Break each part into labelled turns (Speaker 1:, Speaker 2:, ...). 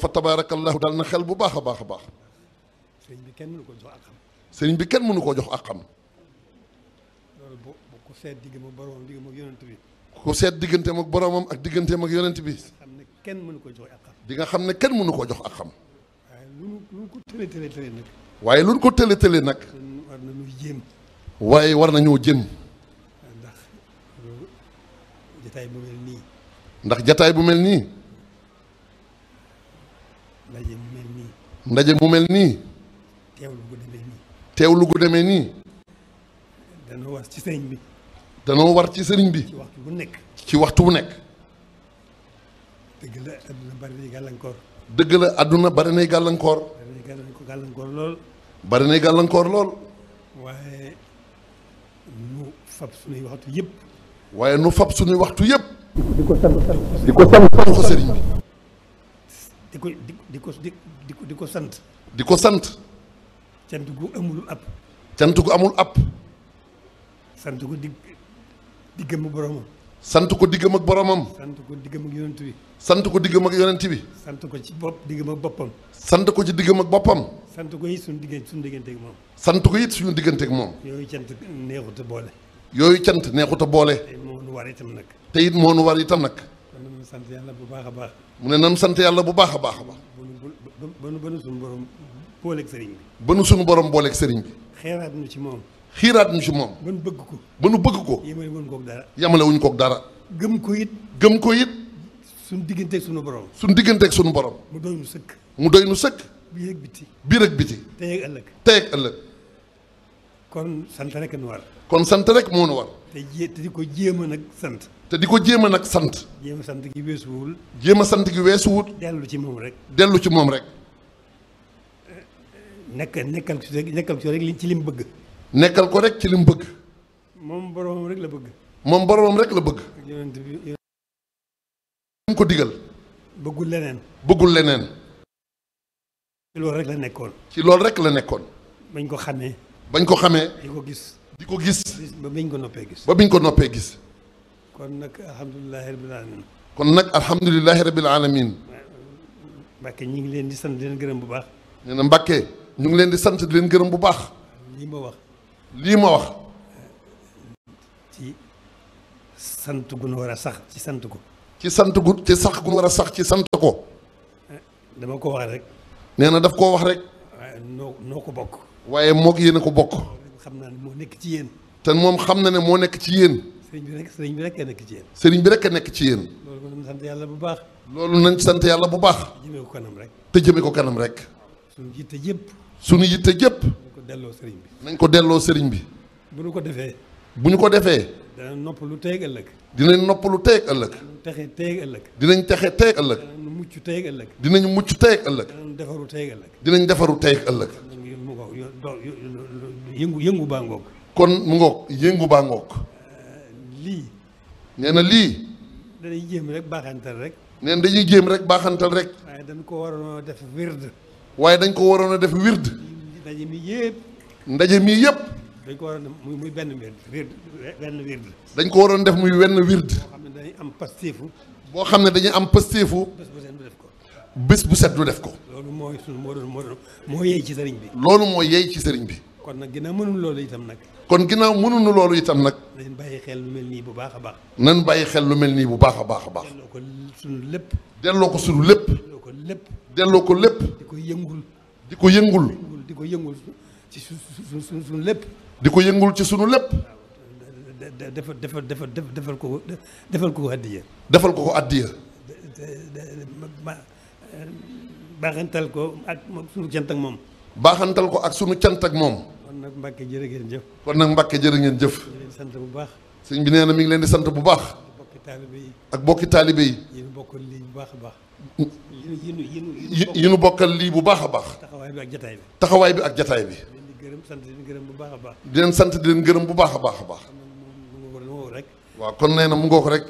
Speaker 1: fa tabaarakallahu daal na xel bu baax a baax a baax.
Speaker 2: sëriñ bi kenn mënu ko jox àqam.
Speaker 1: sëriñ bi kenn mënu koo jox àqam.
Speaker 2: loolu bu ku seet diggante ak boromam diggante ak yonent bi.
Speaker 1: ku seet digganteem ak boromam ak digganteem ak yonent bi. xam
Speaker 2: ne kenn mënu ko jox àqam.
Speaker 1: di nga xam ne kenn mënu koo jox àqam.
Speaker 2: waaye lu lu ko tële tële tële nag.
Speaker 1: waaye lu ko tële tële nag.
Speaker 2: war nañu jéem.
Speaker 1: waaye war nañoo jéem.
Speaker 2: ndax jataay bu mel nii.
Speaker 1: ndax jataay bu mel nii.
Speaker 2: ndaje mu mel nii.
Speaker 1: ndaje mu mel nii.
Speaker 2: teewlu gu demee nii.
Speaker 1: teewlu gu demee nii.
Speaker 2: danoo war ci sëriñ bi.
Speaker 1: danoo war ci sëriñ bi. ci waxtu bu nekk. ci waxtu bu nekk.
Speaker 2: dëgg la àdduna bari nay gàllankoor.
Speaker 1: dëgg la àdduna bari nay gàllankoor.
Speaker 2: bari nay gàllankoor lool.
Speaker 1: bari nay gàllankoor lool.
Speaker 2: waaye nu fab sunuy waxtu yëpp.
Speaker 1: waaye nu fab sunuy waxtu yëpp. di ko sant di ko sëriñ bi.
Speaker 2: ko di di ko di ko sant. di ko sant. cant amul app. cant gu amul app. sant dig diggam ak boromam.
Speaker 1: sant ko diggam ak boromam. sant
Speaker 2: ko diggam ak yonent bi. sant ko diggam ak yonent bi. sant ko ci bopp diggam ak boppam. sant ko ci diggam ak boppam. sant ko it suñu diggante suñu moom. sant ko it suñu diggante moom. yooyu cant neexut a boole. yooyu cant neexut a boole. te it moo nu war itam nag.
Speaker 1: te it moo nu war itam nag.
Speaker 2: nañu sant yàlla bu baax a baax.
Speaker 1: mu ne nañu sant yàlla bu baax a baax a baax.
Speaker 2: ba nu ba nu sunu borom booleeg sëriñ bi.
Speaker 1: ba nu sunu borom booleeg sëriñ bi.
Speaker 2: xeeraat nu ci moom.
Speaker 1: xiiraat ñu ci moom.
Speaker 2: ba nu bëgg ko. ba nu bëgg ko. yamale wuñ koog dara. yamale wuñ koog dara. gëm ko it. gëm ko it. suñ digganteeg sunu borom. suñ digganteeg sunu borom. mu doy nu sëkk. mu doy nu sëkk. biir ak biti. biir ak biti. tey ak ëllëg. tey ak ëllëg. kon sant rek moo nu war. te di ko jéem a nag sant. te di ko jéem a nag sant. jéem a sant gi weesuwul. jéem a sant gi weesuwul. dellu ci moom rek. dellu ci moom
Speaker 1: rek. nekk
Speaker 2: nekkal ko nekkal ko rek ci li mu
Speaker 1: bëgg. nekkal ko rek ci li mu bëgg.
Speaker 2: moom boromam rek la bëgg.
Speaker 1: moom boromam rek la bëgg.
Speaker 2: li mu ko digal. bëggul leneen. bëggul leneen. ci loolu rek la nekkoon. ci loolu rek la nekkoon. bañ ko xamee. bañ ko xamee. di ko gis. di ko gis. ba biñ ko noppee gis. ba biñ ko noppee gis. kon nag alhamdulilahi rabil alamin
Speaker 1: kon nag alhamdulilahi rabil alamin
Speaker 2: Mbàkke ñu ngi leen di sant leen gërëm bu baax
Speaker 1: nee na ñu ngi leen di sant di leen gërëm bu baax
Speaker 2: lii ma wax lii ma wax ci sant gu nu war a sax ci sant ko ci
Speaker 1: sant gu ci sax gu nu war a sax ci sant ko
Speaker 2: dama ko wax rek
Speaker 1: nee na daf koo wax rek
Speaker 2: waaye noo ko bokk
Speaker 1: waaye moog yéen a ko bokk
Speaker 2: xam naa ne moo nekk ci yéen
Speaker 1: te moom xam na ne moo nekk ci yéen
Speaker 2: sëriñ bi rek sëriñ bi rek a nekk ci yéen.
Speaker 1: sëriñ bi rek a nekk ci yéen.
Speaker 2: loolu nañ sant yàlla bu baax. loolu nañ sant yàlla bu baax. te jëmee ko kanam rek. te jëmee ko kanam rek. suñu yitte jëpp. suñu yitte jëpp. nañ ko delloo sëriñ bi. nañ ko delloo sëriñ bi. bu ñu ko defee.
Speaker 1: bu ñu ko defee.
Speaker 2: danañ noppalu teeg ëllëg.
Speaker 1: dinañ noppalu teeg ëllëg.
Speaker 2: dinañ texe teeg ëllëg. dinañ texe teeg ëllëg. dinañ mucc teeg ëllëg. dinañ mucc teeg ëllëg. dinañ defaru teeg ëllëg. dinañ defaru teeg ëllëg.
Speaker 1: yëngu yëngu baa ngoog. kon mu ngoog yëngu baa ngoog lii. nee na lii.
Speaker 2: dañuy jéem rek baaxantal rek.
Speaker 1: nee dañuy jéem rek baaxantal rek.
Speaker 2: waaye dañ ko waroon a def wird. waaye dañ ko waroon a def wird. ndaje mi ndaje mi yëpp. dañ ko waroon def muy benn wird benn wird. dañ ko waroon def muy wenn wird. boo xam ne dañuy am pastéefu. boo xam ne dañuy am pastéefu. bés bu set du def ko. bés bu set du def ko. loolu moo doon moo doon moo yey ci sëriñ bi. loolu moo yey ci sëriñ bi. kon nag ginnaaw mënuñu loolu itam nag.
Speaker 1: kon ginnaaw mënuñu loolu itam nag.
Speaker 2: nañ bàyyi xel lu mel nii bu baax a baax.
Speaker 1: nañ bàyyi xel lu mel nii bu baax a baax a baax. delloo
Speaker 2: ko sunu lépp.
Speaker 1: delloo ko sunu lépp. delloo
Speaker 2: ko lépp. delloo ko lépp. di ko yëngul. di ko yëngul. di ko yëngul ci su su su sunu lépp.
Speaker 1: di ko yëngul ci sunu lépp.
Speaker 2: defal defal defal defal ko defal ko ko addiya. defal ko ko addiya.
Speaker 1: baaxantal ko ak sunu cant ak moom. baaxantal ko ak sunu cant ak moom.
Speaker 2: kon nag Mbacke jërë ngeen jëf. kon nag Mbacke jërë ngeen jëf. di sant bu baax. sëñ bi nee mi ngi leen di sant bu baax. ak bokki taalibe yi. yi nu bokkal lii bu baax a baax. yi nu bokkal lii bu baax a baax. taxawaay bi ak taxawaay bi ak jataay bi. di leen sant di gërëm bu baax a baax.
Speaker 1: di sant di leen gërëm bu baax a baax a baax.
Speaker 2: waaw kon nee na mu ngoo ko rek.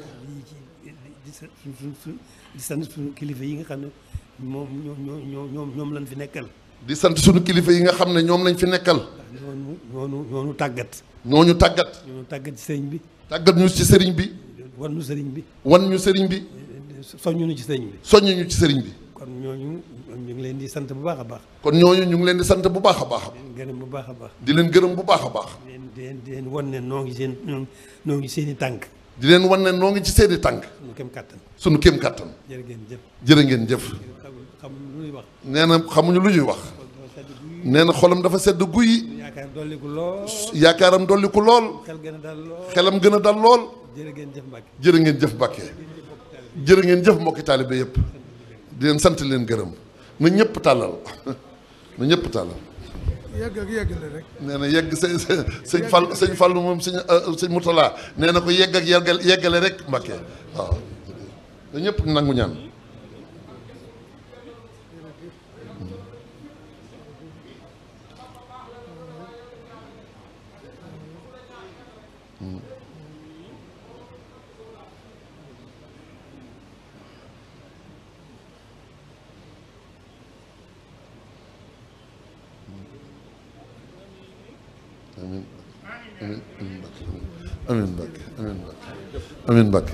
Speaker 2: di sant suñu kilifa yi nga xam ne moom ñoom ñoom ñoom ñoom fi nekkal. di sant suñu kilifa yi nga
Speaker 1: xam ne ñoom lañu fi nekkal.
Speaker 2: ñooñu
Speaker 1: ñooñu ñooñu tàggat. ñooñu tàggat. ñooñu tàggat ci sëriñ bi. tàggat ñu ci sëriñ bi. wan sëriñ bi. wan ñu sëriñ bi. soññu ñu ci sëriñ bi. soññu ñu ci sëriñ bi.
Speaker 2: kon ñooñu ñu ngi leen di sant bu baax a baax.
Speaker 1: kon ñooñu ñu ngi leen di sant bu baax a baax.
Speaker 2: di baax a baax. di leen
Speaker 1: gërëm bu baax a baax. di leen di leen noo ngi seen noo ngi seen i di leen wan ne noo ngi ci seen i tànk. suñu kéem kattan. suñu kéem kattan. jërë ngeen jëf jërë ngeen jëf. nee na xamuñu lu ñuy wax. nee na xolam dafa sedd guy.
Speaker 2: yaakaaram dolliku lool. yaakaaram dolliku lool. xelam gën a dal lool. jërë ngeen jëf Mbacke.
Speaker 1: jërë ngeen jëf Mbacke. jërë ngeen jëf mbokki taalibe yëpp. di leen sant leen gërëm. na ñëpp tàllal na ñëpp tàllal. yegg ak yegg la rek. nee na yegg sëñ sëñ Fall sëñ Fall moom sëñ euh, euh, sëñ Moutala nee na ko yegg ak yeggal yeggale rek Mbacke waaw. na ñëpp nangu ñaan.
Speaker 2: amiin amiin Mbacke amiin Mbacke amiin Mbacke